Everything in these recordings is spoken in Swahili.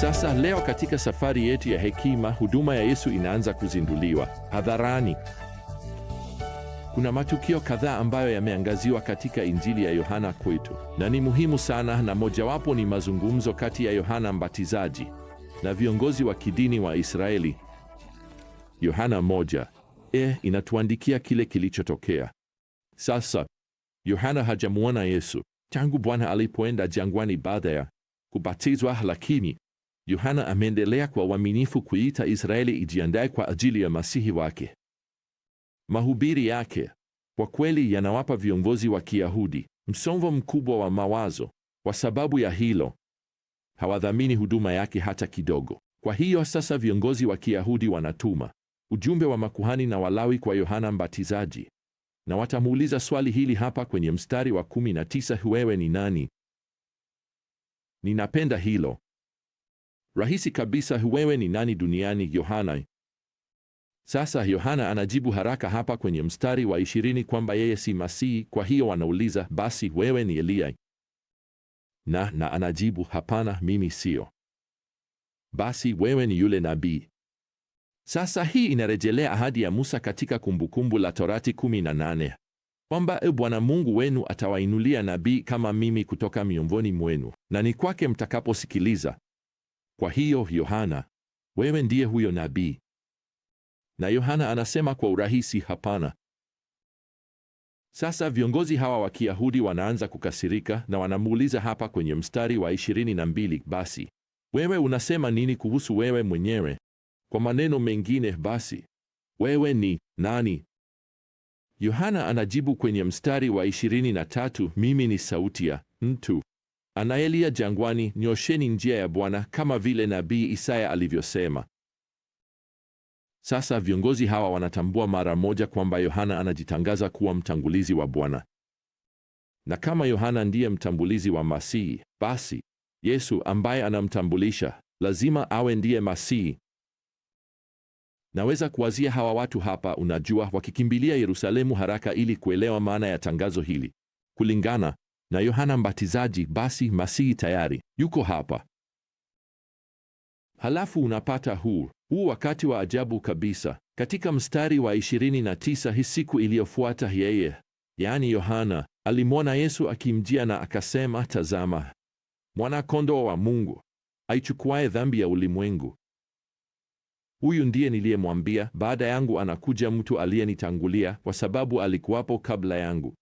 Sasa leo katika safari yetu ya hekima, huduma ya Yesu inaanza kuzinduliwa hadharani. Kuna matukio kadhaa ambayo yameangaziwa katika Injili ya Yohana kwetu na ni muhimu sana, na mojawapo ni mazungumzo kati ya Yohana Mbatizaji na viongozi wa kidini wa Israeli. Yohana moja e inatuandikia kile kilichotokea. Sasa Yohana hajamuona Yesu tangu Bwana alipoenda jangwani baada ya kubatizwa, lakini Yohana ameendelea kwa uaminifu kuita Israeli ijiandae kwa ajili ya masihi wake. Mahubiri yake kwa kweli yanawapa viongozi wa Kiyahudi msongo mkubwa wa mawazo. Kwa sababu ya hilo, hawadhamini huduma yake hata kidogo. Kwa hiyo sasa viongozi wa Kiyahudi wanatuma ujumbe wa makuhani na Walawi kwa Yohana Mbatizaji na watamuuliza swali hili hapa kwenye mstari wa 19: wewe ni nani? Ninapenda hilo rahisi kabisa, wewe ni nani duniani Yohana? Sasa Yohana anajibu haraka hapa kwenye mstari wa ishirini kwamba yeye si Masihi. Kwa hiyo wanauliza basi, wewe ni Eliya? Na na anajibu hapana, mimi sio. Basi wewe ni yule nabii? Sasa hii inarejelea ahadi ya Musa katika Kumbukumbu la Torati 18 kwamba e, Bwana Mungu wenu atawainulia nabii kama mimi kutoka miongoni mwenu, na ni kwake mtakaposikiliza. Kwa hiyo Yohana, wewe ndiye huyo nabii. Na Yohana anasema kwa urahisi, hapana. Sasa viongozi hawa wa Kiyahudi wanaanza kukasirika na wanamuuliza hapa kwenye mstari wa 22, basi wewe unasema nini kuhusu wewe mwenyewe? Kwa maneno mengine, basi wewe ni nani? Yohana anajibu kwenye mstari wa 23, mimi ni sauti ya mtu anayelia jangwani, nyosheni njia ya Bwana, kama vile nabii Isaya alivyosema. Sasa viongozi hawa wanatambua mara moja kwamba Yohana anajitangaza kuwa mtangulizi wa Bwana, na kama Yohana ndiye mtambulizi wa Masihi, basi Yesu ambaye anamtambulisha lazima awe ndiye Masihi. Naweza kuwazia hawa watu hapa, unajua, wakikimbilia Yerusalemu haraka ili kuelewa maana ya tangazo hili kulingana na Yohana Mbatizaji, basi Masihi tayari yuko hapa. Halafu unapata huu huu wakati wa ajabu kabisa katika mstari wa 29. Hii siku iliyofuata yeye, yaani Yohana, alimwona Yesu akimjia na akasema, tazama mwanakondoo wa Mungu aichukuaye dhambi ya ulimwengu. Huyu ndiye niliyemwambia, baada yangu anakuja mtu aliyenitangulia, kwa sababu alikuwapo kabla yangu.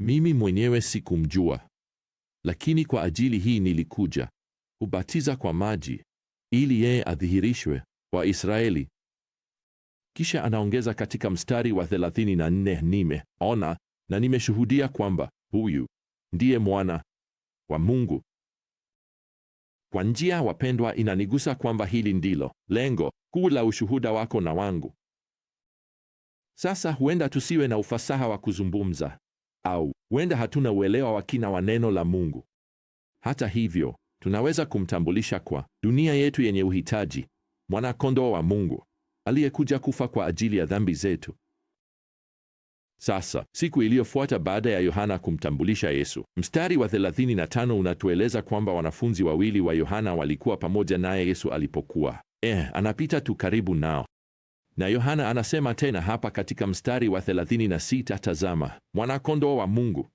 Mimi mwenyewe sikumjua, lakini kwa ajili hii nilikuja, hubatiza kwa maji ili yeye adhihirishwe kwa Israeli. Kisha anaongeza katika mstari wa 34, nimeona na nimeshuhudia kwamba huyu ndiye mwana wa Mungu. Kwa njia, wapendwa, inanigusa kwamba hili ndilo lengo kuu la ushuhuda wako na wangu. Sasa huenda tusiwe na ufasaha wa kuzungumza au huenda hatuna uelewa wa kina wa neno la Mungu. Hata hivyo, tunaweza kumtambulisha kwa dunia yetu yenye uhitaji mwanakondoo wa Mungu aliyekuja kufa kwa ajili ya dhambi zetu. Sasa, siku iliyofuata baada ya Yohana kumtambulisha Yesu, mstari wa 35 unatueleza kwamba wanafunzi wawili wa Yohana walikuwa pamoja naye Yesu alipokuwa eh, anapita tu karibu nao. Na Yohana anasema tena hapa katika mstari wa 36, tazama mwanakondoo wa Mungu.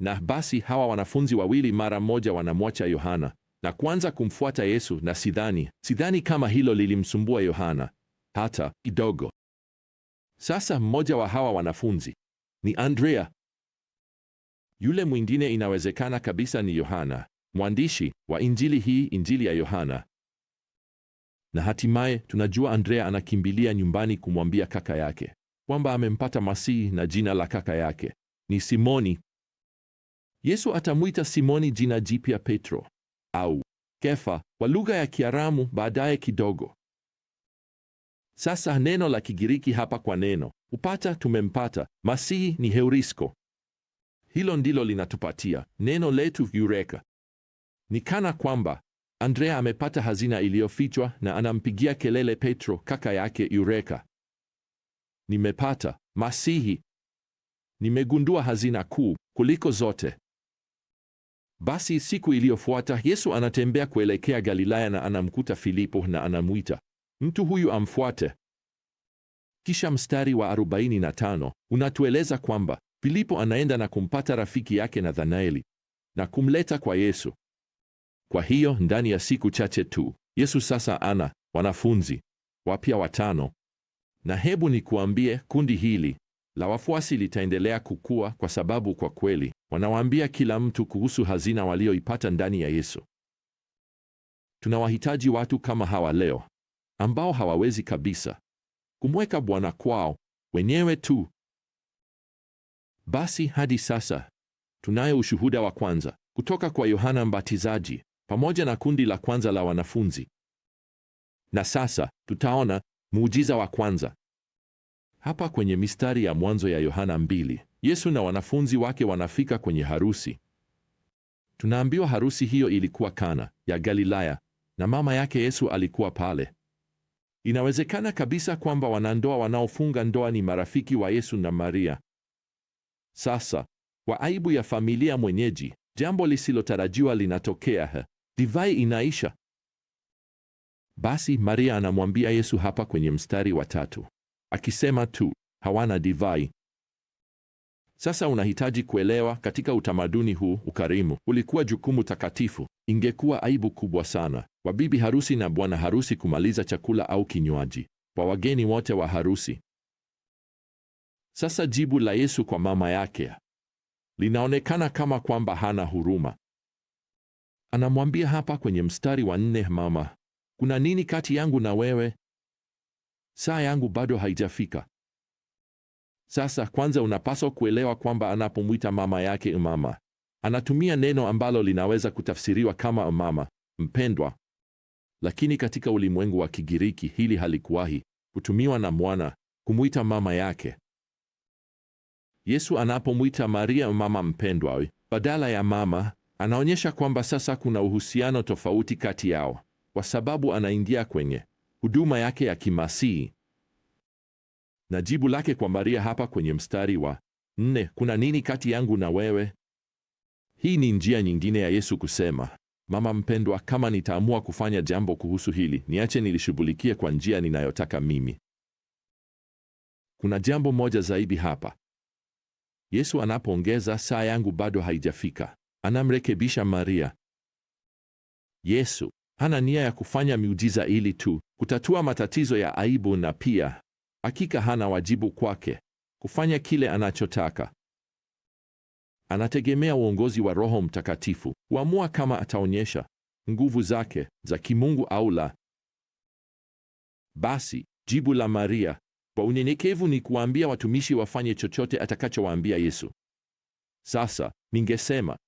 Na basi hawa wanafunzi wawili mara moja wanamwacha Yohana na kuanza kumfuata Yesu, na sidhani sidhani kama hilo lilimsumbua Yohana hata kidogo. Sasa mmoja wa hawa wanafunzi ni Andrea, yule mwingine inawezekana kabisa ni Yohana mwandishi wa injili hii, Injili ya Yohana na hatimaye tunajua Andrea anakimbilia nyumbani kumwambia kaka yake kwamba amempata Masihi na jina la kaka yake ni Simoni. Yesu atamwita Simoni jina jipya Petro au Kefa kwa lugha ya Kiaramu baadaye kidogo. Sasa neno la Kigiriki hapa kwa neno upata tumempata Masihi ni heurisko. Hilo ndilo linatupatia neno letu yureka. Ni kana kwamba Andrea amepata hazina iliyofichwa na anampigia kelele Petro kaka yake yureka Nimepata Masihi. Nimegundua hazina kuu kuliko zote. Basi siku iliyofuata Yesu anatembea kuelekea Galilaya na anamkuta Filipo na anamwita mtu huyu amfuate. Kisha mstari wa 45 unatueleza kwamba Filipo anaenda na kumpata rafiki yake Nathanaeli na kumleta kwa Yesu. Kwa hiyo ndani ya siku chache tu Yesu sasa ana wanafunzi wapya watano, na hebu nikuambie, kundi hili la wafuasi litaendelea kukua, kwa sababu kwa kweli wanawaambia kila mtu kuhusu hazina walioipata ndani ya Yesu. Tunawahitaji watu kama hawa leo ambao hawawezi kabisa kumweka Bwana kwao wenyewe tu. Basi hadi sasa tunayo ushuhuda wa kwanza kutoka kwa Yohana Mbatizaji pamoja na kundi la kwanza la wanafunzi. Na sasa tutaona muujiza wa kwanza. Hapa kwenye mistari ya mwanzo ya Yohana mbili, Yesu na wanafunzi wake wanafika kwenye harusi. Tunaambiwa harusi hiyo ilikuwa Kana ya Galilaya na mama yake Yesu alikuwa pale. Inawezekana kabisa kwamba wanandoa wanaofunga ndoa ni marafiki wa Yesu na Maria. Sasa, kwa aibu ya familia mwenyeji, jambo lisilotarajiwa linatokea divai inaisha. Basi Maria anamwambia Yesu hapa kwenye mstari wa tatu akisema tu hawana divai. Sasa unahitaji kuelewa, katika utamaduni huu ukarimu ulikuwa jukumu takatifu. Ingekuwa aibu kubwa sana kwa bibi harusi na bwana harusi kumaliza chakula au kinywaji kwa wageni wote wa harusi. Sasa jibu la Yesu kwa mama yake linaonekana kama kwamba hana huruma. Anamwambia hapa kwenye mstari wa nne, mama, kuna nini kati yangu na wewe? Saa yangu bado haijafika. Sasa kwanza unapaswa kuelewa kwamba anapomwita mama yake mama, anatumia neno ambalo linaweza kutafsiriwa kama mama, mpendwa. Lakini katika ulimwengu wa Kigiriki hili halikuwahi kutumiwa na mwana kumwita mama yake. Yesu anapomwita Maria mama mpendwa, badala ya mama, Anaonyesha kwamba sasa kuna uhusiano tofauti kati yao, kwa sababu anaingia kwenye huduma yake ya kimasihi. Na jibu lake kwa Maria hapa kwenye mstari wa nne, kuna nini kati yangu na wewe? Hii ni njia nyingine ya Yesu kusema, mama mpendwa, kama nitaamua kufanya jambo kuhusu hili, niache nilishughulikie kwa njia ninayotaka mimi. Kuna jambo moja zaidi hapa. Yesu anapoongeza saa yangu bado haijafika, anamrekebisha Maria. Yesu hana nia ya kufanya miujiza ili tu kutatua matatizo ya aibu, na pia hakika hana wajibu kwake kufanya kile anachotaka. Anategemea uongozi wa Roho Mtakatifu kuamua kama ataonyesha nguvu zake za kimungu au la. Basi jibu la Maria kwa unyenyekevu ni kuwaambia watumishi wafanye chochote atakachowaambia Yesu. Sasa ningesema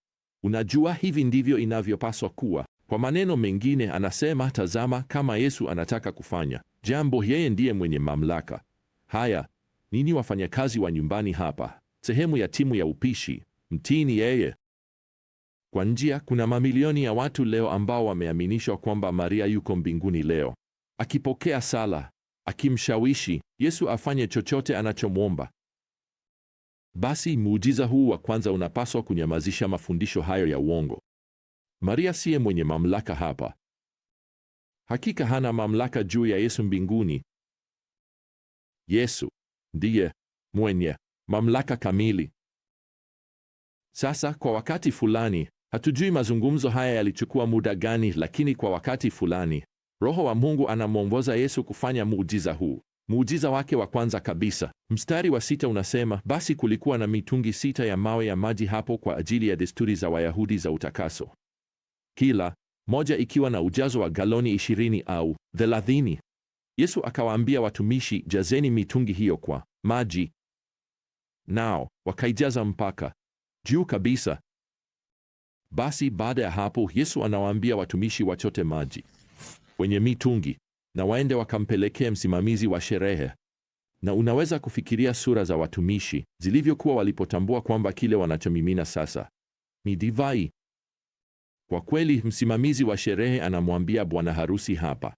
Unajua, hivi ndivyo inavyopaswa kuwa. Kwa maneno mengine, anasema tazama, kama Yesu anataka kufanya jambo, yeye ndiye mwenye mamlaka. Haya, nini wafanyakazi wa nyumbani hapa, sehemu ya timu ya upishi, mtini yeye. Kwa njia, kuna mamilioni ya watu leo ambao wameaminishwa kwamba Maria yuko mbinguni leo akipokea sala, akimshawishi Yesu afanye chochote anachomwomba. Basi muujiza huu wa kwanza unapaswa kunyamazisha mafundisho hayo ya uongo. Maria siye mwenye mamlaka hapa. Hakika hana mamlaka juu ya Yesu mbinguni. Yesu ndiye mwenye mamlaka kamili. Sasa kwa wakati fulani, hatujui mazungumzo haya yalichukua muda gani, lakini kwa wakati fulani Roho wa Mungu anamwongoza Yesu kufanya muujiza huu. Muujiza wake wa kwanza kabisa. Mstari wa sita unasema, basi kulikuwa na mitungi sita ya mawe ya maji hapo kwa ajili ya desturi za Wayahudi za utakaso, kila moja ikiwa na ujazo wa galoni ishirini au thelathini. Yesu akawaambia watumishi, jazeni mitungi hiyo kwa maji, nao wakaijaza mpaka juu kabisa. Basi baada ya hapo, Yesu anawaambia watumishi wachote maji kwenye mitungi na waende wakampelekee msimamizi wa sherehe. Na unaweza kufikiria sura za watumishi zilivyokuwa walipotambua kwamba kile wanachomimina sasa ni divai. Kwa kweli, msimamizi wa sherehe anamwambia bwana harusi hapa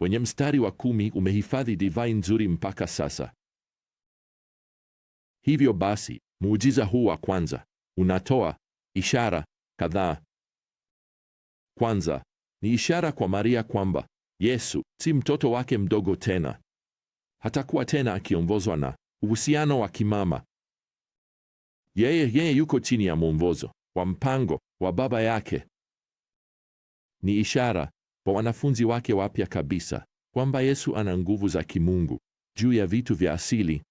kwenye mstari wa kumi, umehifadhi divai nzuri mpaka sasa. Hivyo basi, muujiza huu wa kwanza unatoa ishara kadhaa. Kwanza ni ishara kwa Maria kwamba Yesu si mtoto wake mdogo tena. Hatakuwa tena akiongozwa na uhusiano wa kimama. Yeye yeye yuko chini ya mwongozo wa mpango wa baba yake. Ni ishara kwa wanafunzi wake wapya kabisa kwamba Yesu ana nguvu za kimungu juu ya vitu vya asili.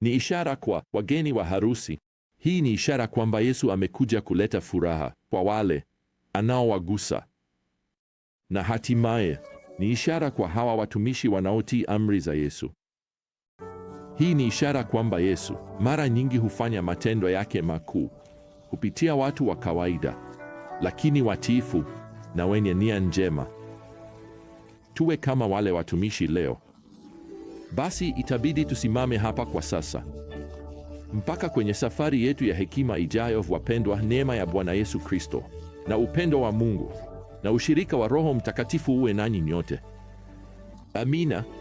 Ni ishara kwa wageni wa harusi. Hii ni ishara kwamba Yesu amekuja kuleta furaha kwa wale anaowagusa na hatimaye ni ishara kwa hawa watumishi wanaotii amri za Yesu. Hii ni ishara kwamba Yesu mara nyingi hufanya matendo yake makuu kupitia watu wa kawaida, lakini watiifu na wenye nia njema. Tuwe kama wale watumishi leo. Basi itabidi tusimame hapa kwa sasa. Mpaka kwenye safari yetu ya hekima ijayo, wapendwa, neema ya Bwana Yesu Kristo na upendo wa Mungu na ushirika wa Roho Mtakatifu uwe nanyi nyote. Amina.